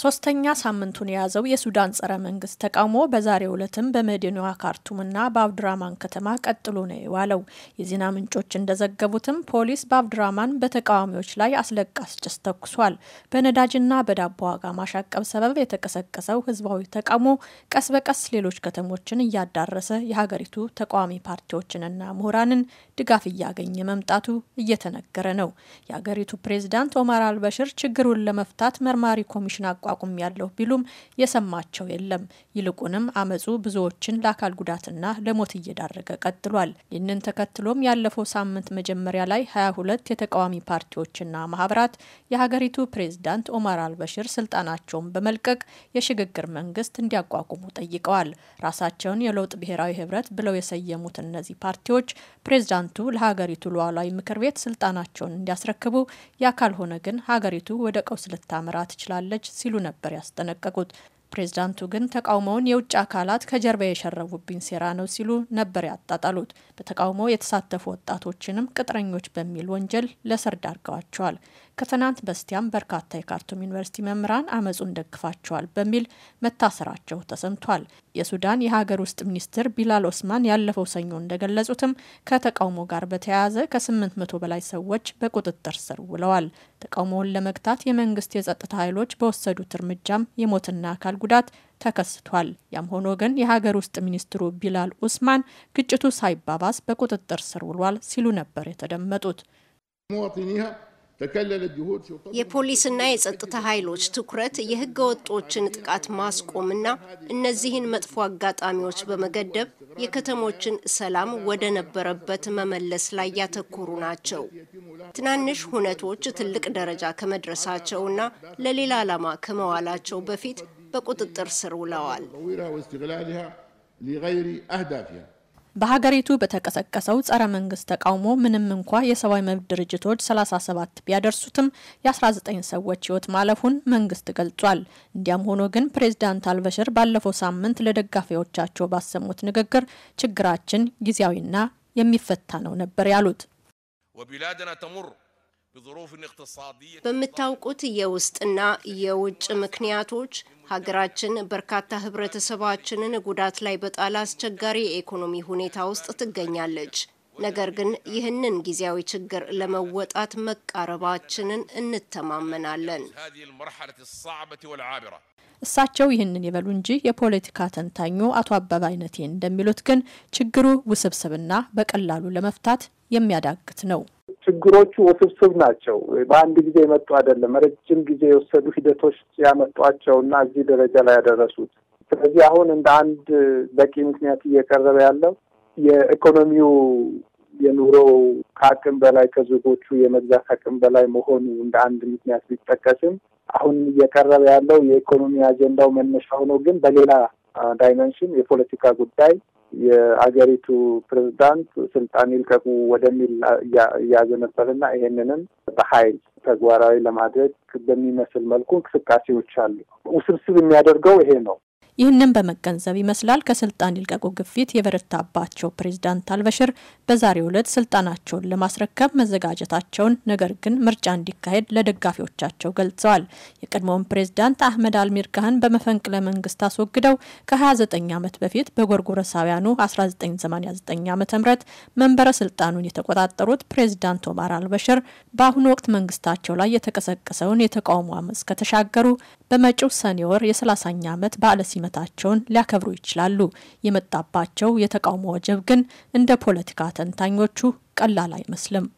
ሶስተኛ ሳምንቱን የያዘው የሱዳን ጸረ መንግስት ተቃውሞ በዛሬው ዕለትም በመዲናዋ ካርቱምና በአብድራማን ከተማ ቀጥሎ ነው የዋለው። የዜና ምንጮች እንደዘገቡትም ፖሊስ በአብድራማን በተቃዋሚዎች ላይ አስለቃስ ጭስ ተኩሷል። በነዳጅና በዳቦ ዋጋ ማሻቀብ ሰበብ የተቀሰቀሰው ህዝባዊ ተቃውሞ ቀስ በቀስ ሌሎች ከተሞችን እያዳረሰ የሀገሪቱ ተቃዋሚ ፓርቲዎችንና ምሁራንን ድጋፍ እያገኘ መምጣቱ እየተነገረ ነው። የሀገሪቱ ፕሬዚዳንት ኦማር አልበሽር ችግሩን ለመፍታት መርማሪ ኮሚሽን አቋቁም ያለሁ ቢሉም የሰማቸው የለም። ይልቁንም አመፁ ብዙዎችን ለአካል ጉዳትና ለሞት እየዳረገ ቀጥሏል። ይህንን ተከትሎም ያለፈው ሳምንት መጀመሪያ ላይ 22 የተቃዋሚ ፓርቲዎችና ማህበራት የሀገሪቱ ፕሬዝዳንት ኦማር አልበሽር ስልጣናቸውን በመልቀቅ የሽግግር መንግስት እንዲያቋቁሙ ጠይቀዋል። ራሳቸውን የለውጥ ብሔራዊ ህብረት ብለው የሰየሙት እነዚህ ፓርቲዎች ፕሬዝዳንቱ ለሀገሪቱ ሉዓላዊ ምክር ቤት ስልጣናቸውን እንዲያስረክቡ፣ ያ ካልሆነ ግን ሀገሪቱ ወደ ቀውስ ልታመራ ትችላለች ሲሉ ነበር ያስጠነቀቁት። ፕሬዝዳንቱ ግን ተቃውሞውን የውጭ አካላት ከጀርባ የሸረቡብኝ ሴራ ነው ሲሉ ነበር ያጣጣሉት። በተቃውሞ የተሳተፉ ወጣቶችንም ቅጥረኞች በሚል ወንጀል ለሰርድ አርገዋቸዋል። ከትናንት በስቲያም በርካታ የካርቱም ዩኒቨርሲቲ መምህራን አመፁን ደግፋቸዋል በሚል መታሰራቸው ተሰምቷል። የሱዳን የሀገር ውስጥ ሚኒስትር ቢላል ኦስማን ያለፈው ሰኞ እንደገለጹትም ከተቃውሞ ጋር በተያያዘ ከ800 በላይ ሰዎች በቁጥጥር ስር ውለዋል። ተቃውሞውን ለመግታት የመንግስት የጸጥታ ኃይሎች በወሰዱት እርምጃም የሞትና አካል ጉዳት ተከስቷል። ያም ሆኖ ግን የሀገር ውስጥ ሚኒስትሩ ቢላል ኡስማን ግጭቱ ሳይባባስ በቁጥጥር ስር ውሏል ሲሉ ነበር የተደመጡት። የፖሊስና የጸጥታ ኃይሎች ትኩረት የህገ ወጦችን ጥቃት ማስቆምና እነዚህን መጥፎ አጋጣሚዎች በመገደብ የከተሞችን ሰላም ወደ ነበረበት መመለስ ላይ ያተኮሩ ናቸው። ትናንሽ ሁነቶች ትልቅ ደረጃ ከመድረሳቸውና ለሌላ ዓላማ ከመዋላቸው በፊት በቁጥጥር ስር ውለዋል። በሀገሪቱ በተቀሰቀሰው ጸረ መንግስት ተቃውሞ ምንም እንኳ የሰብአዊ መብት ድርጅቶች 37 ቢያደርሱትም የ19 ሰዎች ህይወት ማለፉን መንግስት ገልጿል። እንዲያም ሆኖ ግን ፕሬዚዳንት አልበሽር ባለፈው ሳምንት ለደጋፊዎቻቸው ባሰሙት ንግግር ችግራችን ጊዜያዊና የሚፈታ ነው ነበር ያሉት። በምታውቁት የውስጥና የውጭ ምክንያቶች ሀገራችን በርካታ ህብረተሰባችንን ጉዳት ላይ በጣለ አስቸጋሪ የኢኮኖሚ ሁኔታ ውስጥ ትገኛለች። ነገር ግን ይህንን ጊዜያዊ ችግር ለመወጣት መቃረባችንን እንተማመናለን። እሳቸው ይህንን ይበሉ እንጂ የፖለቲካ ተንታኙ አቶ አበባ አይነቴ እንደሚሉት ግን ችግሩ ውስብስብና በቀላሉ ለመፍታት የሚያዳግት ነው። ችግሮቹ ውስብስብ ናቸው። በአንድ ጊዜ የመጡ አይደለም። ረጅም ጊዜ የወሰዱ ሂደቶች ያመጧቸው እና እዚህ ደረጃ ላይ ያደረሱት። ስለዚህ አሁን እንደ አንድ በቂ ምክንያት እየቀረበ ያለው የኢኮኖሚው የኑሮ ከአቅም በላይ ከዜጎቹ የመግዛት አቅም በላይ መሆኑ እንደ አንድ ምክንያት ቢጠቀስም አሁን እየቀረበ ያለው የኢኮኖሚ አጀንዳው መነሻ ሆኖ ግን በሌላ ዳይመንሽን የፖለቲካ ጉዳይ የአገሪቱ ፕሬዝዳንት ስልጣን ይልቀቁ ወደሚል እያዘነበልና ይሄንንም በኃይል ተግባራዊ ለማድረግ በሚመስል መልኩ እንቅስቃሴዎች አሉ። ውስብስብ የሚያደርገው ይሄ ነው። ይህንን በመገንዘብ ይመስላል ከስልጣን ይልቀቁ ግፊት የበረታባቸው ፕሬዝዳንት አልበሽር በዛሬው ዕለት ስልጣናቸውን ለማስረከብ መዘጋጀታቸውን፣ ነገር ግን ምርጫ እንዲካሄድ ለደጋፊዎቻቸው ገልጸዋል። የቀድሞውን ፕሬዝዳንት አህመድ አልሚርጋህን በመፈንቅለ መንግስት አስወግደው ከ29 ዓመት በፊት በጎርጎረሳውያኑ 1989 ዓ ም መንበረ ስልጣኑን የተቆጣጠሩት ፕሬዝዳንት ኦማር አልበሽር በአሁኑ ወቅት መንግስታቸው ላይ የተቀሰቀሰውን የተቃውሞ አመፅ ከተሻገሩ በመጪው ሰኔ ወር የ30ኛ ዓመት በዓለ ሲመ ዓመታቸውን ሊያከብሩ ይችላሉ። የመጣባቸው የተቃውሞ ወጀብ ግን እንደ ፖለቲካ ተንታኞቹ ቀላል አይመስልም።